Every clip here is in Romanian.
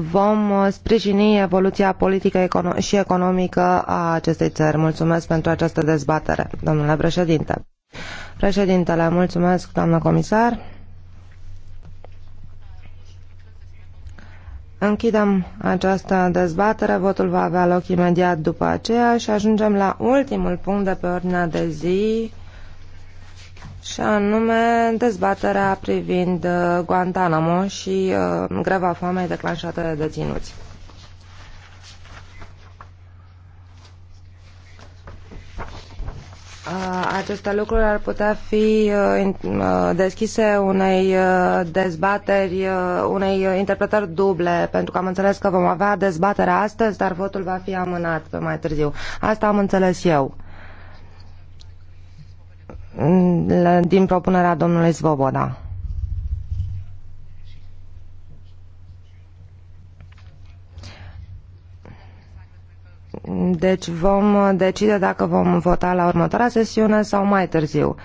vom uh, sprijini evoluția politică și economică a acestei țări. Mulțumesc pentru această dezbatere, domnule președinte. Președintele, mulțumesc, doamnă comisar. Închidem această dezbatere, votul va avea loc imediat după aceea și ajungem la ultimul punct de pe ordinea de zi, și anume dezbaterea privind uh, Guantanamo și uh, greva foamei declanșată de deținuți. Uh, aceste lucruri ar putea fi uh, deschise unei dezbateri, unei interpretări duble, pentru că am înțeles că vom avea dezbaterea astăzi, dar votul va fi amânat pe mai târziu. Asta am înțeles eu din propunerea domnului Svoboda. Deci vom decide dacă vom vota la următoarea sesiune sau mai târziu.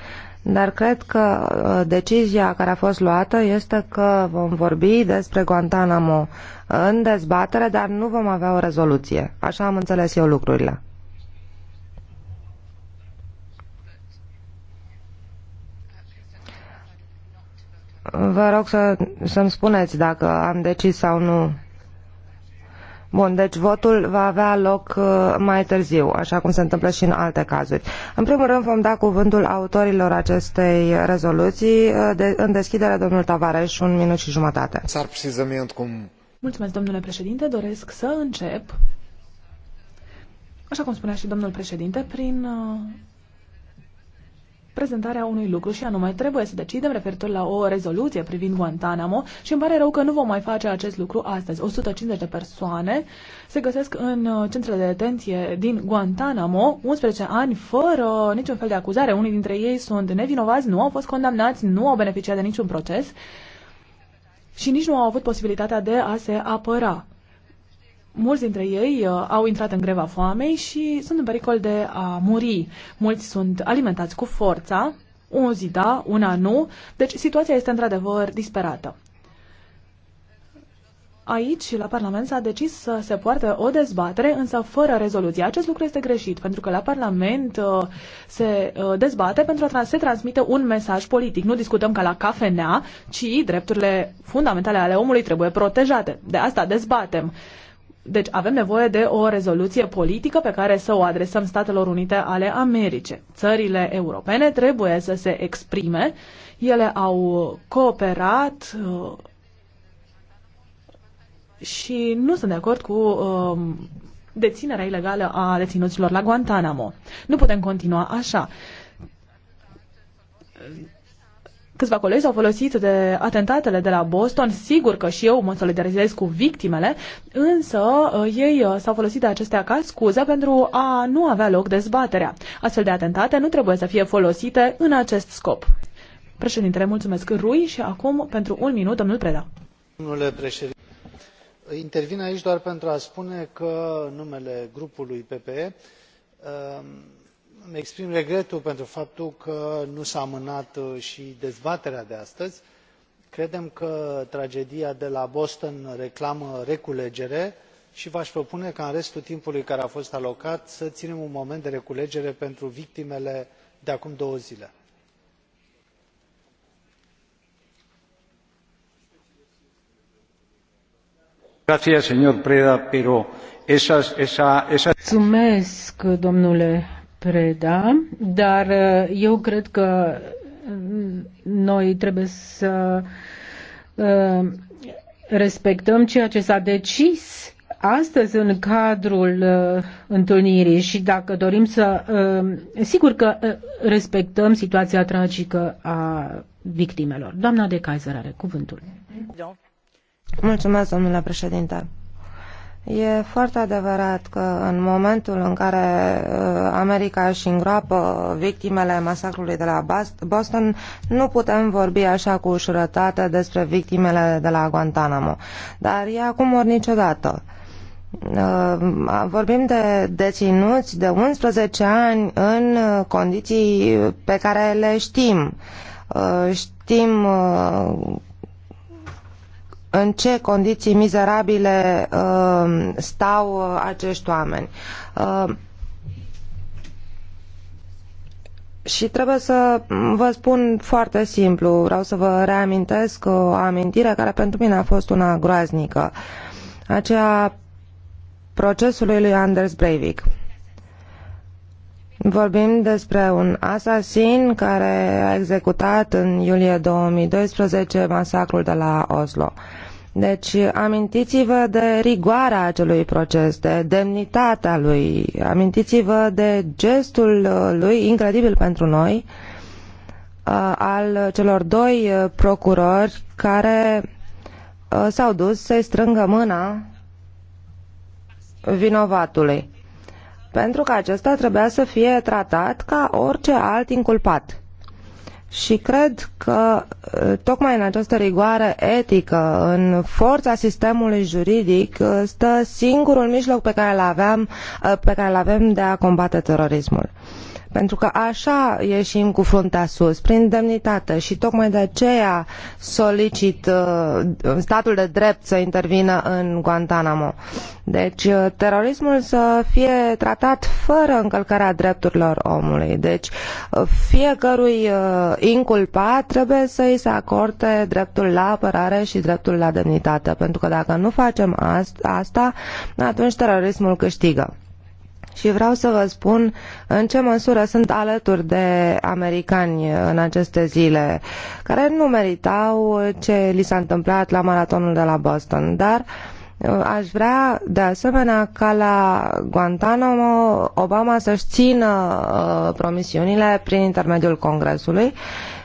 Dar cred că uh, decizia care a fost luată este că vom vorbi despre Guantanamo în dezbatere, dar nu vom avea o rezoluție. Așa am înțeles eu lucrurile. Vă rog să, să-mi spuneți dacă am decis sau nu. Bun, deci votul va avea loc uh, mai târziu, așa cum se întâmplă și în alte cazuri. În primul rând vom da cuvântul autorilor acestei rezoluții. Uh, de, în deschidere, domnul Tavares, un minut și jumătate. S-ar precisament cum... Mulțumesc, domnule președinte. Doresc să încep, așa cum spunea și domnul președinte, prin uh, prezentarea unui lucru și anume trebuie să decidem referitor la o rezoluție privind Guantanamo și îmi pare rău că nu vom mai face acest lucru astăzi. 150 de persoane se găsesc în uh, centrele de detenție din Guantanamo, 11 ani fără niciun fel de acuzare. Unii dintre ei sunt nevinovați, nu au fost condamnați, nu au beneficiat de niciun proces și nici nu au avut posibilitatea de a se apăra. Mulți dintre ei uh, au intrat în greva foamei și sunt în pericol de a muri. Mulți sunt alimentați cu forța, un zi da, una nu, deci situația este într-adevăr disperată. Aici, la Parlament, s-a decis să se poarte o dezbatere, însă fără rezoluție. Acest lucru este greșit, pentru că la Parlament uh, se uh, dezbate pentru a se transmite un mesaj politic. Nu discutăm ca la cafenea, ci drepturile fundamentale ale omului trebuie protejate. De asta dezbatem. Deci avem nevoie de o rezoluție politică pe care să o adresăm Statelor Unite ale Americe. Țările europene trebuie să se exprime. Ele au cooperat uh, și nu sunt de acord cu um, deținerea ilegală a deținuților la Guantanamo. Nu putem continua așa Câțiva colegi au folosit de atentatele de la Boston. Sigur că și eu mă solidarizez cu victimele, însă uh, ei uh, s-au folosit de acestea ca scuză pentru a nu avea loc dezbaterea. Astfel de atentate nu trebuie să fie folosite în acest scop. Președintele, mulțumesc Rui și acum pentru un minut, domnul Preda. Domnule președinte, intervin aici doar pentru a spune că numele grupului PPE um, îmi exprim regretul pentru faptul că nu s a amânat uh, i dezbaterea de astăzi. credem că tragedia de la boston reclamă reculegere i v a propune ca în restul timpului care a fost alocat să inem un moment de reculegere pentru victimele de acum două zile. domnule Preda, dar uh, eu cred că mm, noi trebuie să uh, respectăm ceea ce s-a decis astăzi în cadrul uh, întâlnirii și dacă dorim să. sigur că respectăm situația tragică a victimelor. Doamna de Kaiser are cuvântul. Mulțumesc, domnule președinte. E foarte adevărat că în momentul în care uh, America își îngroapă victimele masacrului de la Boston, nu putem vorbi așa cu ușurătate despre victimele de la Guantanamo. Dar e acum ori niciodată. Uh, vorbim de deținuți de 11 ani în condiții pe care le știm. Uh, știm în ce condiții mizerabile uh, stau uh, acești oameni. Uh, și trebuie să vă spun foarte simplu, vreau să vă reamintesc uh, o amintire care pentru mine a fost una groaznică, aceea procesului lui Anders Breivik. Vorbim despre un asasin care a executat în iulie 2012 masacrul de la Oslo. Deci amintiți-vă de rigoarea acelui proces, de demnitatea lui, amintiți-vă de gestul uh, lui incredibil pentru noi uh, al celor doi uh, procurori care s-au dus să-i strângă mâna vinovatului pentru că acesta trebuia să fie tratat ca orice alt inculpat. Și cred că uh, tocmai în această rigoare etică, în forța sistemului juridic, uh, stă singurul mijloc pe care îl aveam, uh, pe care îl avem de a combate terorismul. Pentru că așa ieșim cu fruntea sus, prin demnitate și tocmai de aceea solicit uh, statul de drept să intervină în Guantanamo. Deci uh, terorismul să fie tratat fără încălcarea drepturilor omului. Deci uh, fiecărui inculpat trebuie să îi se acorde dreptul la apărare și dreptul la demnitate. Pentru că dacă nu facem asta, atunci terorismul câștigă și vreau să vă spun în ce măsură sunt alături de americani în aceste zile, care nu meritau ce li s-a întâmplat la maratonul de la Boston, dar uh, Aș vrea, de asemenea, ca la Guantanamo Obama să-și țină uh, promisiunile prin intermediul Congresului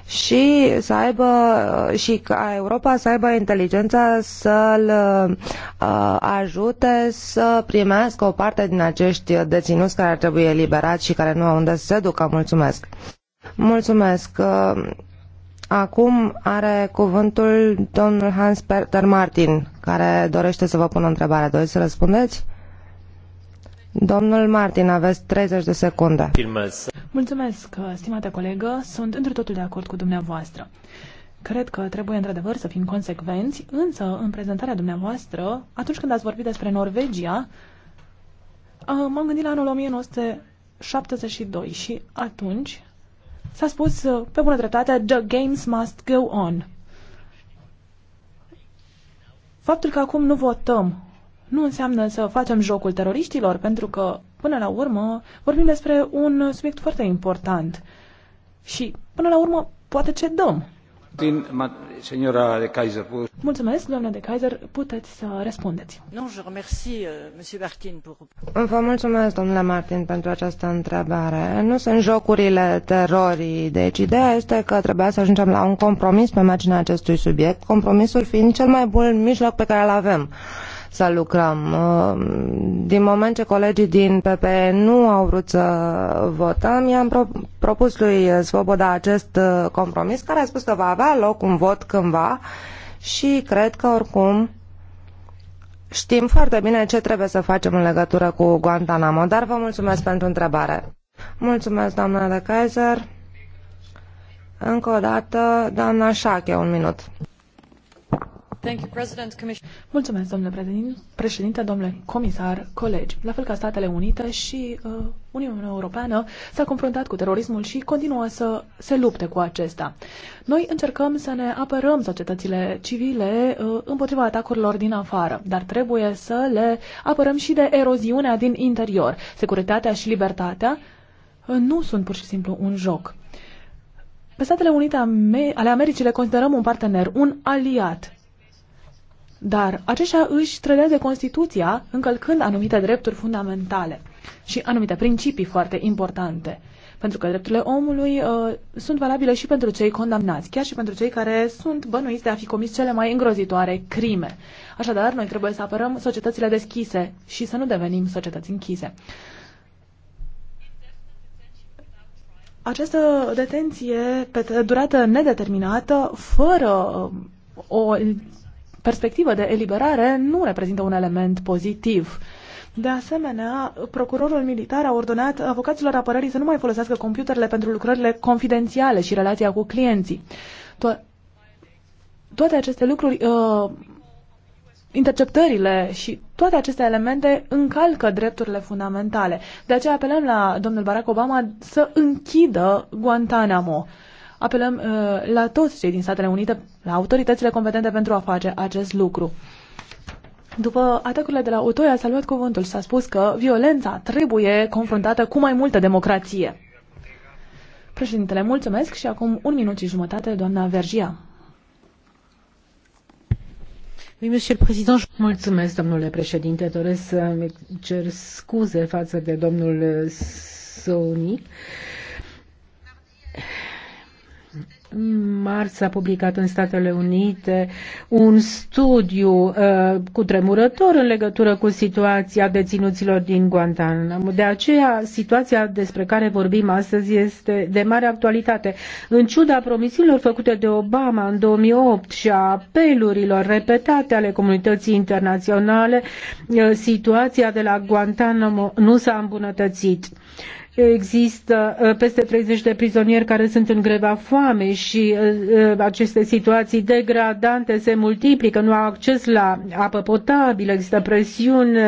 și să aibă uh, și ca Europa să aibă inteligența să-l uh, ajute să primească o parte din acești deținuți care ar trebui eliberați și care nu au unde să se ducă. Mulțumesc! Mulțumesc! Uh, acum are cuvântul domnul Hans Peter Martin, care dorește să vă pună întrebarea. Doriți să răspundeți? Domnul Martin, aveți 30 de secunde. Mulțumesc, stimată colegă, sunt într totul de acord cu dumneavoastră. Cred că trebuie într-adevăr să fim consecvenți, însă în prezentarea dumneavoastră, atunci când ați vorbit despre Norvegia, m-am gândit la anul 1972 și atunci s-a spus uh, pe bună dreptate The games must go on. Faptul că acum nu votăm nu înseamnă să facem jocul teroriștilor, pentru că Până la urmă, vorbim despre un subiect foarte important. Și, până la urmă, poate ce dăm. Din, ma, señora de Kaiser, Mulțumesc, doamna de Kaiser, puteți să răspundeți. Non, je remercie, euh, monsieur Martin, pour... Vă mulțumesc, domnule Martin, pentru această întrebare. Nu sunt jocurile terorii, deci ideea este că trebuia să ajungem la un compromis pe marginea acestui subiect, compromisul fiind cel mai bun mijloc pe care îl avem. Uh, să lucrăm. Uh, din moment ce colegii din PPE nu au vrut să votăm, i-am propus lui Svoboda acest uh, compromis care a spus că va avea loc un vot cândva și cred că oricum știm foarte bine ce trebuie să facem în legătură cu Guantanamo, dar vă mulțumesc pentru întrebare. Mulțumesc, doamna de Kaiser. Încă o dată, doamna Șache, un minut. Mulțumesc, domnule președinte, domnule comisar, colegi. La fel ca Statele Unite și uh, Uniunea Europeană s-a confruntat cu terorismul și continuă să se lupte cu acesta. Noi încercăm să ne apărăm societățile civile uh, împotriva atacurilor din afară, dar trebuie să le apărăm și de eroziunea din interior. Securitatea și libertatea uh, nu sunt pur și simplu un joc. Pe Statele Unite ale Americii le considerăm un partener, un aliat. Dar aceștia își trădează Constituția încălcând anumite drepturi fundamentale și anumite principii foarte importante. Pentru că drepturile omului uh, sunt valabile și pentru cei condamnați, chiar și pentru cei care sunt bănuiți de a fi comis cele mai îngrozitoare crime. Așadar, noi trebuie să apărăm societățile deschise și să nu devenim societăți închise. Această detenție pe durată nedeterminată, fără uh, o perspectivă de eliberare nu reprezintă un element pozitiv. De asemenea, procurorul militar a ordonat avocaților apărării să nu mai folosească computerele pentru lucrările confidențiale și relația cu clienții. To- toate aceste lucruri, uh, interceptările și toate aceste elemente încalcă drepturile fundamentale. De aceea apelăm la domnul Barack Obama să închidă Guantanamo. Uh, apelăm uh, la toți cei din Statele Unite, la autoritățile competente pentru a face acest lucru. După atacurile de la Utoia s-a luat cuvântul, s-a spus că violența trebuie confruntată cu mai multă democrație. Președintele, mulțumesc și acum un minut și jumătate, doamna Vergia. Mulțumesc, domnule președinte. Doresc să cer scuze față de domnul Sonic marți s-a publicat în Statele Unite un studiu uh, cu tremurător în legătură cu situația deținuților din Guantanamo. De aceea, situația despre care vorbim astăzi este de mare actualitate. În ciuda promisiunilor făcute de Obama în 2008 și a apelurilor repetate ale comunității internaționale, uh, situația de la Guantanamo nu s-a îmbunătățit există uh, peste 30 de prizonieri care sunt în greva foamei și uh, uh, aceste situații degradante se multiplică, nu au acces la apă potabilă, există presiuni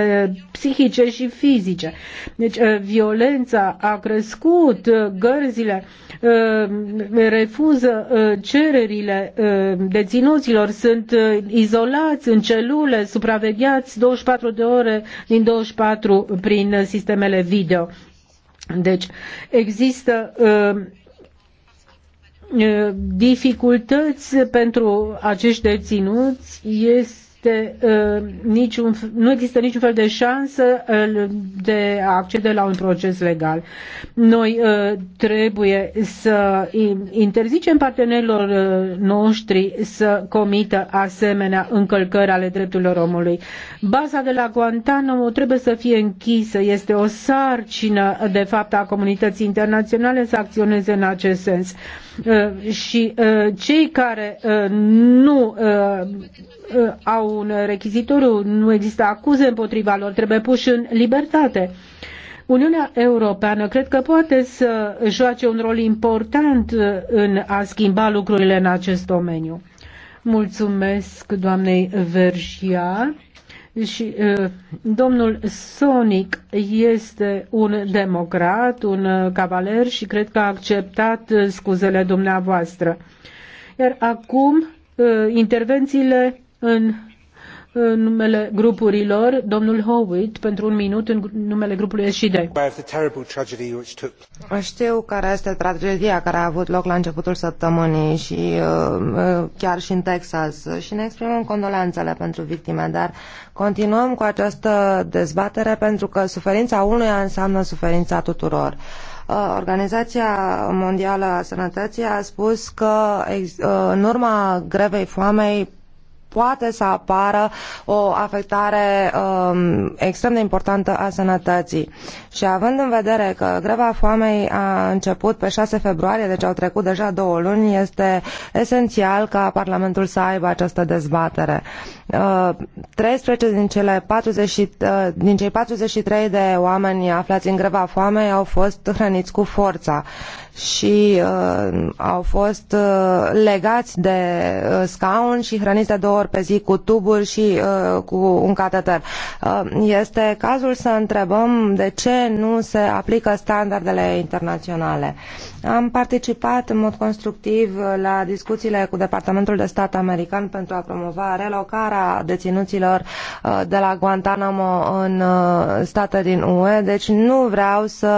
psihice și fizice. Deci violența a crescut, gărzile refuză cererile deținuților, sunt izolați în celule, supravegheați 24 de ore din 24 prin sistemele video. Deci există uh, uh, dificultăți pentru acești deținuți este este uh, niciun, nu există niciun fel de șansă uh, de a accede la un proces legal. Noi uh, trebuie să interzicem partenerilor noștri să comită asemenea încălcări ale drepturilor omului. Baza de la Guantanamo trebuie să fie închisă. Este o sarcină, de fapt, a comunității internaționale să acționeze în acest sens. Uh, și uh, cei care uh, nu au un rechizitoriu, nu există acuze împotriva lor, trebuie puși în libertate. Uniunea Europeană cred că poate să joace un rol important în a schimba lucrurile în acest domeniu. Mulțumesc doamnei Vergia. Și domnul Sonic este un democrat, un cavaler și cred că a acceptat scuzele dumneavoastră. Iar acum intervențiile în în numele grupurilor, domnul Howitt, pentru un minut, în numele grupului SID. Știu care este tragedia care a avut loc la începutul săptămânii și uh, uh, chiar și în Texas și ne exprimăm condolențele pentru victime, dar continuăm cu această dezbatere pentru că suferința unuia înseamnă suferința tuturor. Uh, Organizația Mondială a Sănătății a spus că în urma grevei foamei poate să apară o afectare um, extrem de importantă a sănătății. Și având în vedere că greva foamei a început pe 6 februarie, deci au trecut deja două luni, este esențial ca Parlamentul să aibă această dezbatere. Uh, 13 din, cele 40, uh, din cei 43 de oameni aflați în greva foamei au fost hrăniți cu forța și uh, au fost uh, legați de uh, scaun și hrăniți de două ori pe zi cu tuburi și uh, cu un cateter. Uh, este cazul să întrebăm de ce nu se aplică standardele internaționale. Am participat în mod constructiv la discuțiile cu Departamentul de Stat American pentru a promova relocarea deținuților uh, de la Guantanamo în uh, state din UE, deci nu vreau să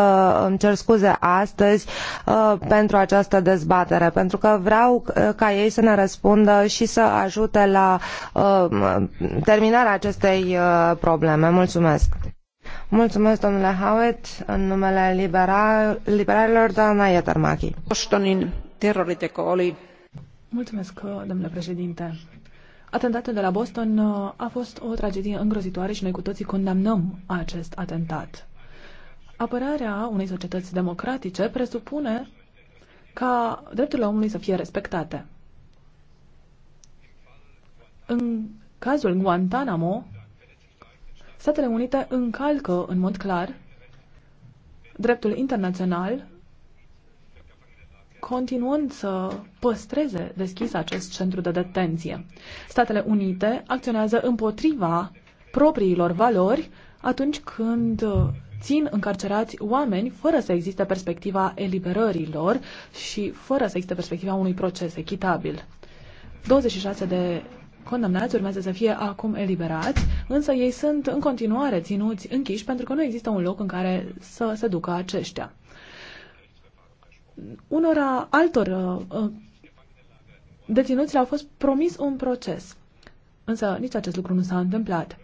îmi cer scuze astăzi uh, pentru această dezbatere, pentru că vreau ca ei să ne răspundă și să ajute la la uh, terminarea acestei uh, probleme. Mulțumesc! Mulțumesc, domnule Howitt, în numele liberal, liberalilor, doamna Ietermachi. Bostonin, teroriteko oli. Mulțumesc, uh, domnule președinte. Atentatul de la Boston a fost o tragedie îngrozitoare și noi cu toții condamnăm acest atentat. Apărarea unei societăți democratice presupune ca drepturile omului să fie respectate. În cazul Guantanamo, Statele Unite încalcă în mod clar dreptul internațional, continuând să păstreze deschis acest centru de detenție. Statele Unite acționează împotriva propriilor valori atunci când țin încarcerați oameni fără să existe perspectiva eliberărilor și fără să existe perspectiva unui proces echitabil. 26 de condamnați urmează să fie acum eliberați, însă ei sunt în continuare ținuți închiși pentru că nu există un loc în care să se ducă aceștia. Unora altor uh, uh, deținuți le-au fost promis un proces, însă nici acest lucru nu s-a întâmplat.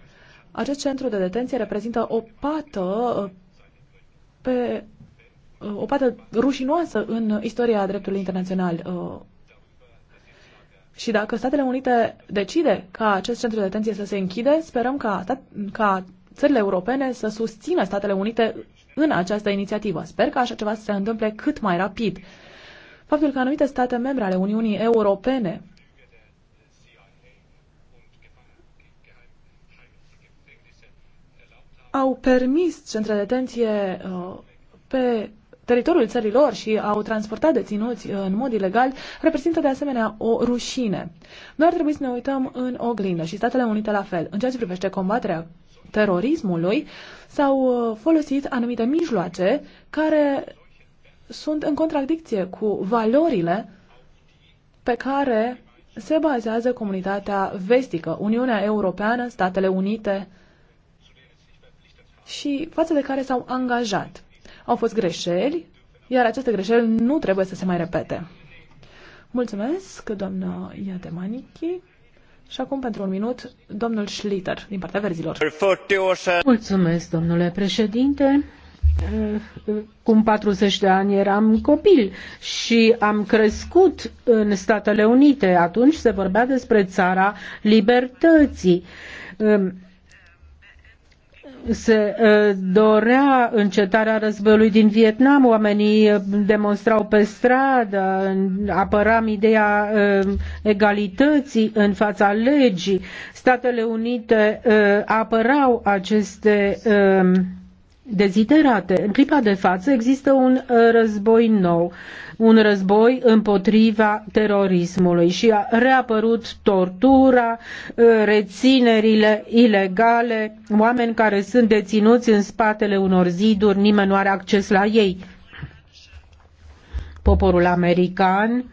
Acest centru de detenție reprezintă o pată uh, pe uh, o pată rușinoasă în istoria dreptului internațional uh, și dacă Statele Unite decide ca acest centru de detenție să se închide, sperăm ca, stat, ca țările europene să susțină Statele Unite în această inițiativă. Sper că așa ceva să se întâmple cât mai rapid. Faptul că anumite state membre ale Uniunii Europene au permis centre de detenție uh, pe teritoriul țărilor și au transportat deținuți uh, în mod ilegal reprezintă de asemenea o rușine. Noi ar trebui să ne uităm în oglindă și Statele Unite la fel. În ceea ce privește combaterea terorismului, s-au uh, folosit anumite mijloace care sunt în contradicție cu valorile pe care se bazează comunitatea vestică, Uniunea Europeană, Statele Unite și față de care s-au angajat. Au fost greșeli, iar aceste greșeli nu trebuie să se mai repete. Mulțumesc, doamnă Iademanichi. Și acum, pentru un minut, domnul Schlitter, din partea verzilor. Mulțumesc, domnule președinte cum 40 de ani eram copil și am crescut în Statele Unite. Atunci se vorbea despre țara libertății se dorea încetarea războiului din Vietnam, oamenii demonstrau pe stradă, apăram ideea egalității în fața legii. Statele Unite apărau aceste deziderate. În clipa de față există un uh, război nou, un război împotriva terorismului și a reapărut tortura, uh, reținerile ilegale, oameni care sunt deținuți în spatele unor ziduri, nimeni nu are acces la ei. Poporul american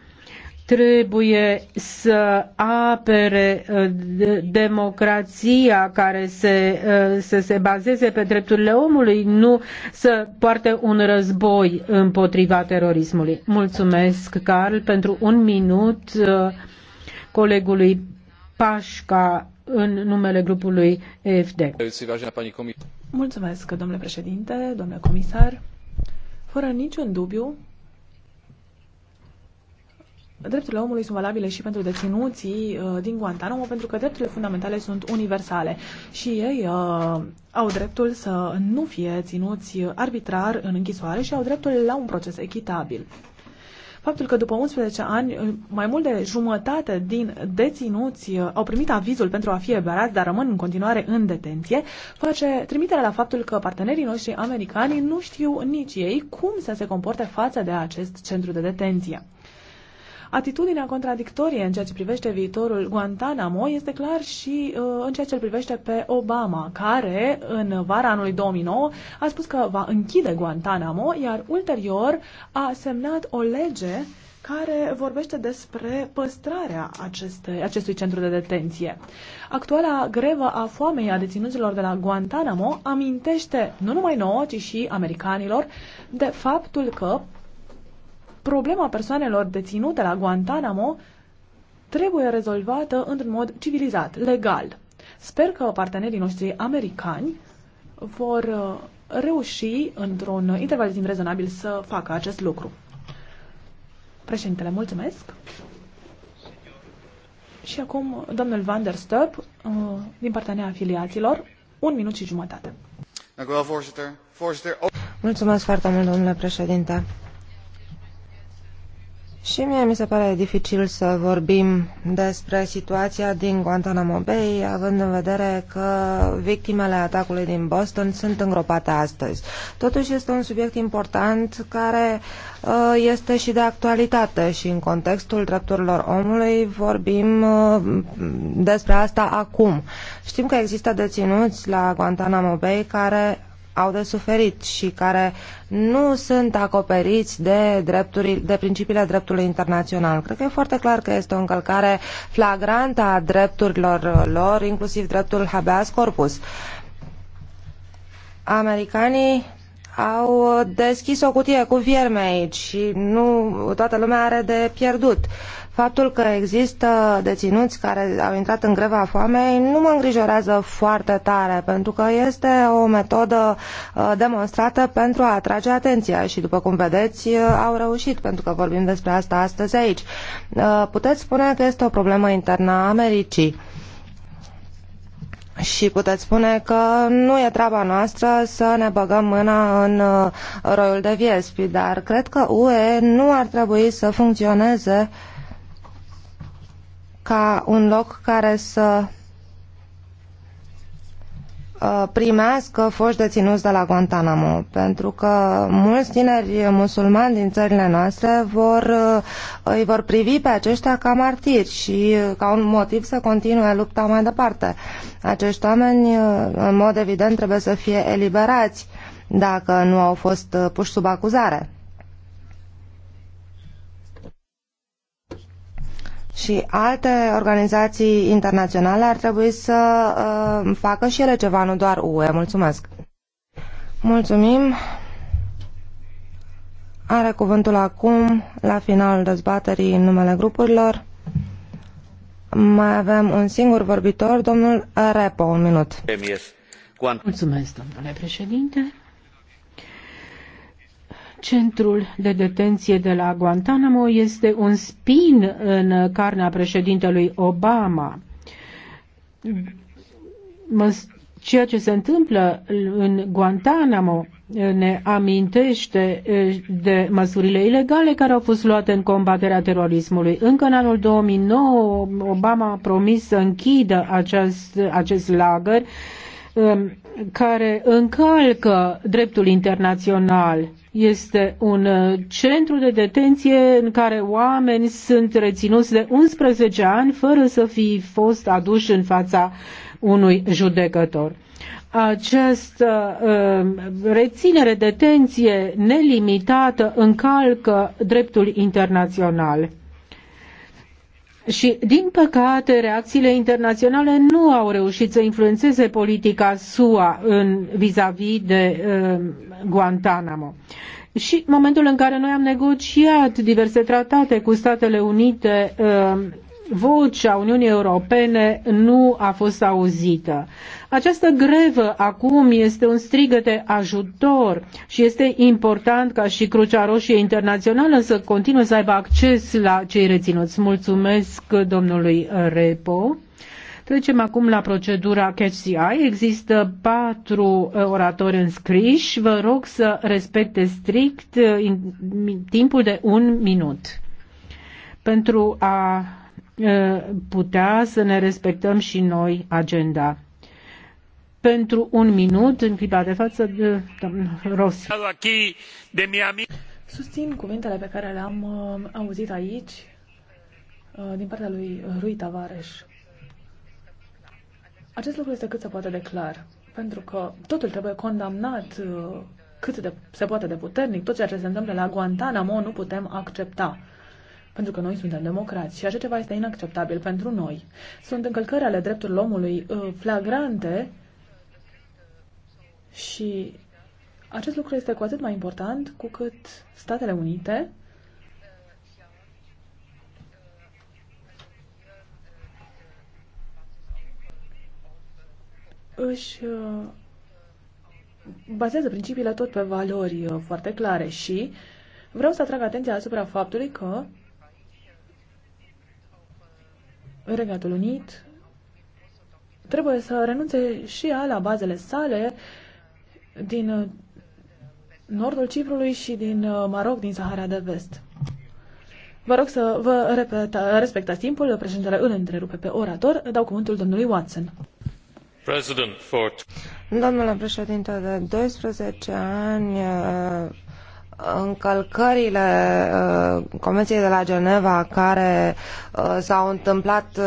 trebuie să apere uh, democrația care se, uh, să se bazeze pe drepturile omului, nu să poarte un război împotriva terorismului. Mulțumesc, Carl, pentru un minut uh, colegului Pașca în numele grupului EFD. Mulțumesc, domnule președinte, domnule comisar. Fără niciun dubiu, drepturile omului sunt valabile și pentru deținuții uh, din Guantanamo, pentru că drepturile fundamentale sunt universale și ei uh, au dreptul să nu fie ținuți arbitrar în închisoare și au dreptul la un proces echitabil. Faptul că după 11 ani, uh, mai mult de jumătate din deținuți uh, au primit avizul pentru a fi eberați, dar rămân în continuare în detenție, face trimitere la faptul că partenerii noștri americani nu știu nici ei cum să se comporte față de acest centru de detenție. Atitudinea contradictorie în ceea ce privește viitorul Guantanamo este clar și uh, în ceea ce îl privește pe Obama, care în vara anului 2009 a spus că va închide Guantanamo, iar ulterior a semnat o lege care vorbește despre păstrarea aceste, acestui centru de detenție. Actuala grevă a foamei a deținuților de la Guantanamo amintește nu numai nouă, ci și americanilor de faptul că Problema persoanelor deținute la Guantanamo trebuie rezolvată într-un mod civilizat, legal. Sper că partenerii noștri americani vor uh, reuși într-un interval de timp rezonabil să facă acest lucru. Președintele, mulțumesc. Și acum domnul Van der Stöp, uh, din partea neafiliaților, un minut și jumătate. Mulțumesc foarte mult, domnule președinte. Și mie mi se pare dificil să vorbim despre situația din Guantanamo Bay, având în vedere că victimele atacului din Boston sunt îngropate astăzi. Totuși este un subiect important care uh, este și de actualitate și în contextul drepturilor omului vorbim uh, despre asta acum. Știm că există deținuți la Guantanamo Bay care au de suferit și care nu sunt acoperiți de, drepturi, de principiile dreptului internațional. Cred că e foarte clar că este o încălcare flagrantă a drepturilor lor, inclusiv dreptul habeas corpus. Americanii au uh, deschis o cutie cu vierme aici și nu toată lumea are de pierdut. Faptul că există deținuți care au intrat în greva foamei nu mă îngrijorează foarte tare, pentru că este o metodă uh, demonstrată pentru a atrage atenția și, după cum vedeți, uh, au reușit, pentru că vorbim despre asta astăzi aici. Puteți spune că este o problemă internă a Americii și puteți spune că nu e treaba noastră să ne băgăm mâna în uh, roiul de viespi, dar cred că UE nu ar trebui să funcționeze ca un loc care să Uh, primească foști deținuți de la Guantanamo, pentru că mulți tineri musulmani din țările noastre vor, uh, îi vor privi pe aceștia ca martiri și uh, ca un motiv să continue lupta mai departe. Acești oameni, în mod evident, trebuie să fie eliberați dacă nu au fost puși sub acuzare. și alte organizații internaționale ar trebui să uh, facă și ele ceva, nu doar UE. Mulțumesc! Mulțumim! Are cuvântul acum, la finalul dezbaterii în numele grupurilor. Mai avem un singur vorbitor, domnul Repo, un minut. Mulțumesc, domnule președinte. Centrul de detenție de la Guantanamo este un spin în carnea președintelui Obama. Ceea ce se întâmplă în Guantanamo ne amintește de măsurile ilegale care au fost luate în combaterea terorismului. Încă în anul 2009 Obama a promis să închidă acest, acest lagăr Um, care încalcă dreptul internațional. Este un uh, centru de detenție în care oameni sunt reținuți de 11 ani fără să fi fost aduși în fața unui judecător. Această uh, um, reținere, detenție nelimitată încalcă dreptul internațional. Și, din păcate, reacțiile internaționale nu au reușit să influențeze politica SUA în vis-a-vis -vis de uh, Guantanamo. Și momentul în care noi am negociat diverse tratate cu Statele Unite, uh, vocea Uniunii Europene nu a fost auzită. Această grevă acum este un strigăt de ajutor și este important ca și Crucea Roșie Internațională să continue să aibă acces la cei reținuți. Mulțumesc domnului Repo. Trecem acum la procedura Catch the Eye. Există patru uh, oratori înscriși. Vă rog să respecte strict uh, timpul de un minut pentru a Uh, putea să ne respectăm și noi agenda. Pentru un minut, în clipa de față, uh, Rossi. Susțin cuvintele pe care le-am uh, auzit aici din partea lui Rui Tavares. Acest lucru este cât se poate de clar, pentru că totul trebuie condamnat cât de, se poate de puternic. Tot ceea ce se întâmplă la Guantanamo nu putem accepta pentru că noi suntem democrați și așa ceva este inacceptabil pentru noi. Sunt încălcări ale drepturilor omului uh, flagrante și acest lucru este cu atât mai important cu cât Statele Unite își uh, bazează principiile tot pe valori uh, foarte clare și vreau să atrag atenția asupra faptului că Regatul Unit trebuie să renunțe și ea la bazele sale din uh, nordul Ciprului și din uh, Maroc, din Sahara de Vest. Vă rog să vă repeta, respectați timpul, președintele îl întrerupe pe orator, dau cuvântul domnului Watson. President Ford. Domnule președinte, de 12 ani uh, încălcările uh, Convenției de la Geneva care uh, s-au întâmplat uh,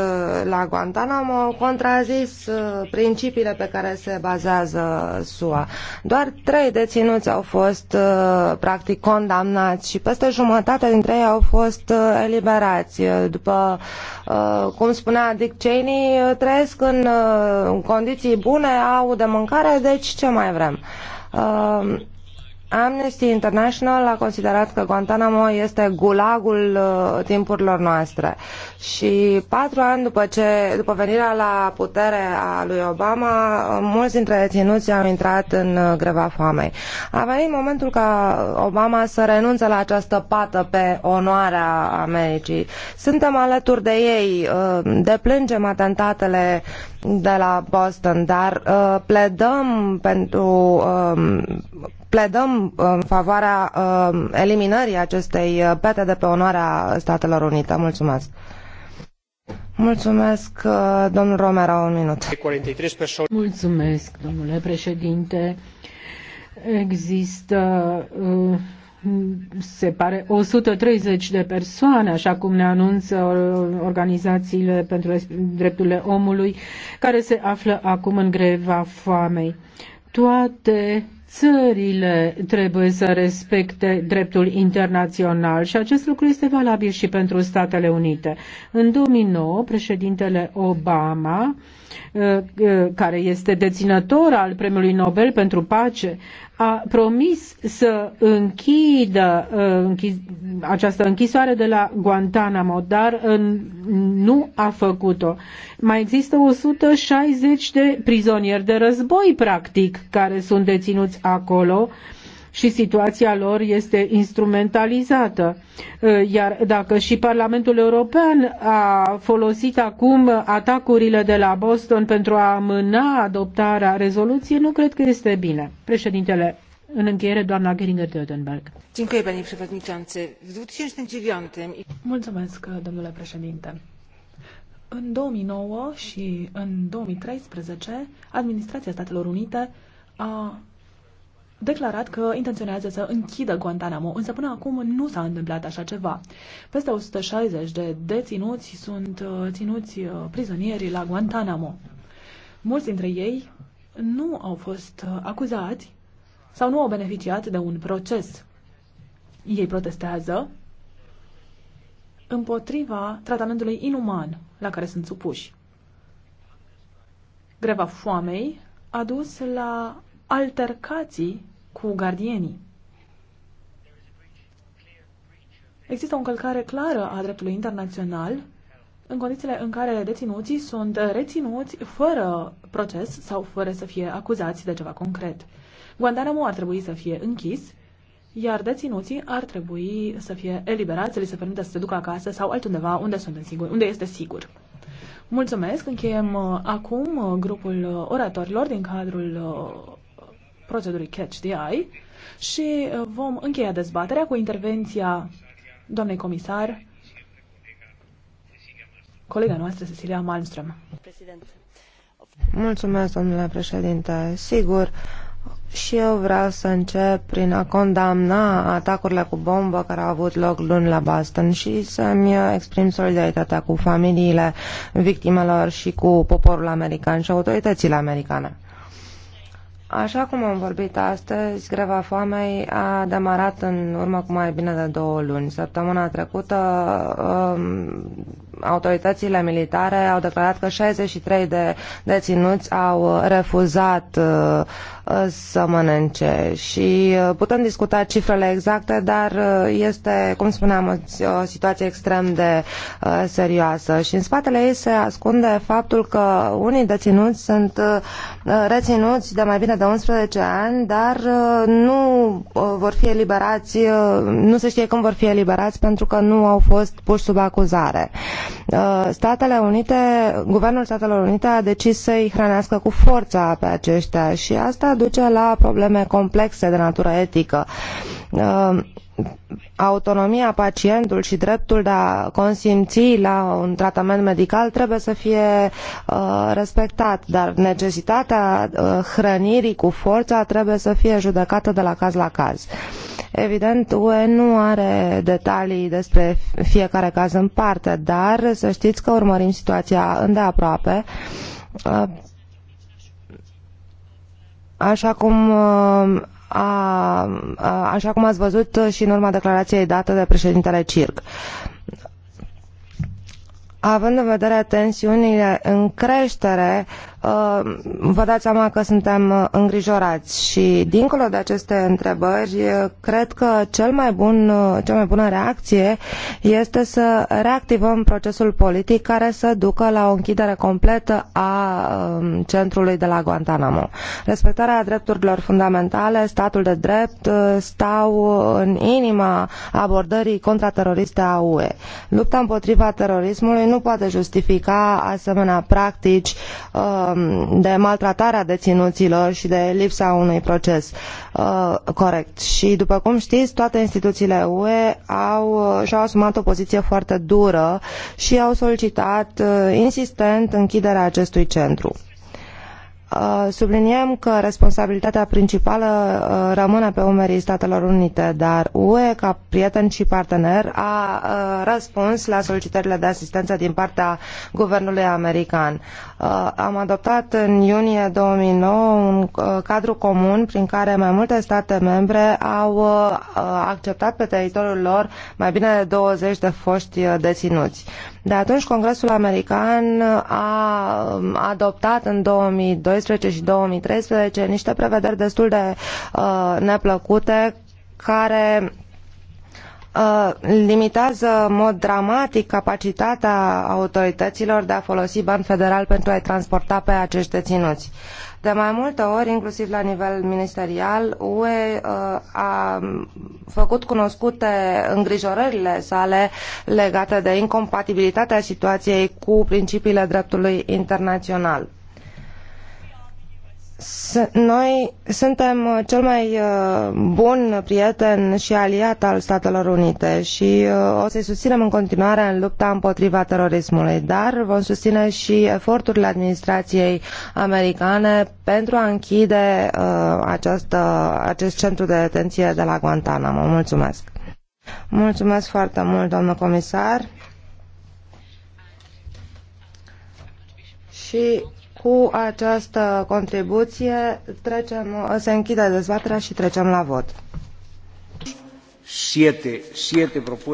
la Guantanamo au contrazis principiile pe care se bazează SUA. Doar trei deținuți au fost practic condamnați și peste jumătate dintre ei au fost eliberați. După cum spunea Dick Cheney, trăiesc în condiții bune, au de mâncare, deci ce mai vrem? Amnesty International a considerat că Guantanamo este gulagul uh, timpurilor noastre și patru ani după, ce, după venirea la putere a lui Obama, uh, mulți dintre reținuți au intrat în uh, greva foamei. A venit momentul ca Obama să renunțe la această pată pe onoarea Americii. Suntem alături de ei, deplângem atentatele de la Boston, dar pledăm pentru um, pledăm uh, în favoarea uh, eliminării acestei uh, pete de pe onoarea Statelor Unite. Mulțumesc! Mulțumesc, domnul Romero, un minut. Mulțumesc, domnule președinte. Există se pare 130 de persoane, așa cum ne anunță organizațiile pentru drepturile omului, care se află acum în greva foamei. Toate țările trebuie să respecte dreptul internațional și acest lucru este valabil și pentru Statele Unite. În 2009, președintele Obama Uh, uh, care este deținător al Premiului Nobel pentru Pace, a promis să închidă uh, închis, această închisoare de la Guantanamo, dar nu a făcut-o. Mai există 160 de prizonieri de război, practic, care sunt deținuți acolo și situația lor este instrumentalizată. Uh, iar dacă și Parlamentul European a folosit acum atacurile de la Boston pentru a amâna adoptarea rezoluției, nu cred că este bine. Președintele, în încheiere, doamna Geringer Dödenberg. Mulțumesc, domnule președinte. În 2009 și în 2013, administrația Statelor Unite a declarat că intenționează să închidă Guantanamo, însă până acum nu s-a întâmplat așa ceva. Peste 160 de deținuți sunt uh, ținuți uh, prizonieri la Guantanamo. Mulți dintre ei nu au fost uh, acuzați sau nu au beneficiat de un proces. Ei protestează împotriva tratamentului inuman la care sunt supuși. Greva foamei a dus la altercații cu gardienii. Există o încălcare clară a dreptului internațional în condițiile în care deținuții sunt reținuți fără proces sau fără să fie acuzați de ceva concret. Guantanamo ar trebui să fie închis, iar deținuții ar trebui să fie eliberați, li se permită să se ducă acasă sau altundeva unde, sunt în sigur, unde este sigur. Mulțumesc! Încheiem uh, acum uh, grupul uh, oratorilor din cadrul procedurii Catch the Eye și uh, vom încheia dezbaterea cu intervenția doamnei comisar, colega noastră Cecilia Malmström. Mulțumesc, domnule președinte. Sigur, și eu vreau să încep prin a condamna atacurile cu bombă care au avut loc luni la Boston și să-mi exprim solidaritatea cu familiile victimelor și cu poporul american și autoritățile americane. Așa cum am vorbit astăzi, greva foamei a demarat în urmă cu mai bine de două luni. Săptămâna trecută, um, autoritățile militare au declarat că 63 de deținuți au refuzat uh, să mănânce și uh, putem discuta cifrele exacte, dar uh, este, cum spuneam, o situație extrem de serioasă și în spatele ei se ascunde faptul că unii deținuți sunt reținuți de mai bine de 11 ani, dar uh, nu uh, vor fi eliberați, uh, nu se știe când vor fi eliberați pentru că nu au fost puși sub acuzare. Statele Unite, Guvernul Statelor Unite a decis să-i hrănească cu forța pe aceștia și asta duce la probleme complexe de natură etică. Uh, Uh, autonomia pacientul și dreptul de a consimți la un tratament medical trebuie să fie uh, respectat, dar necesitatea uh, hrănirii cu forța trebuie să fie judecată de la caz la caz. Evident, UE nu are detalii despre fiecare caz în parte, dar să știți că urmărim situația îndeaproape. Așa cum a, a, așa cum ați văzut și în urma declarației date de președintele Circ. Având în vedere tensiunile în creștere Uh, vă dați seama că suntem uh, îngrijorați și dincolo de aceste întrebări, uh, cred că cel mai bun, cea mai bună reacție este să reactivăm procesul politic care să ducă la o închidere completă a um, centrului de la Guantanamo. Respectarea drepturilor fundamentale, statul de drept stau în inima abordării contrateroriste a UE. Lupta împotriva terorismului nu poate justifica asemenea practici uh, de maltratarea deținuților și de lipsa unui proces uh, corect. Și după cum știți, toate instituțiile UE au, uh, și-au asumat o poziție foarte dură și au solicitat uh, insistent închiderea acestui centru. Uh, subliniem că responsabilitatea principală uh, rămâne pe umerii Statelor Unite, dar UE, ca prieten și partener, a uh, răspuns la solicitările de asistență din partea guvernului american. Am adoptat în iunie 2009 un cadru comun prin care mai multe state membre au acceptat pe teritoriul lor mai bine de 20 de foști deținuți. De atunci, Congresul American a um, adoptat în 2012 și 2013 niște prevederi destul de uh, neplăcute care uh, limitează în mod dramatic capacitatea autorităților de a folosi bani federal pentru a-i transporta pe acești deținuți. De mai multe ori, inclusiv la nivel ministerial, UE uh, a făcut cunoscute îngrijorările sale legate de incompatibilitatea situației cu principiile dreptului internațional. Noi suntem uh, cel mai uh, bun prieten și aliat al Statelor Unite și uh, o să-i susținem în continuare în lupta împotriva terorismului, dar vom susține și eforturile administrației americane pentru a închide acest centru de detenție de la Guantanamo. Mulțumesc! Mulțumesc foarte mult, doamnă comisar! Și cu această contribuție trecem, se închide dezbaterea și trecem la vot. Siete, siete propun...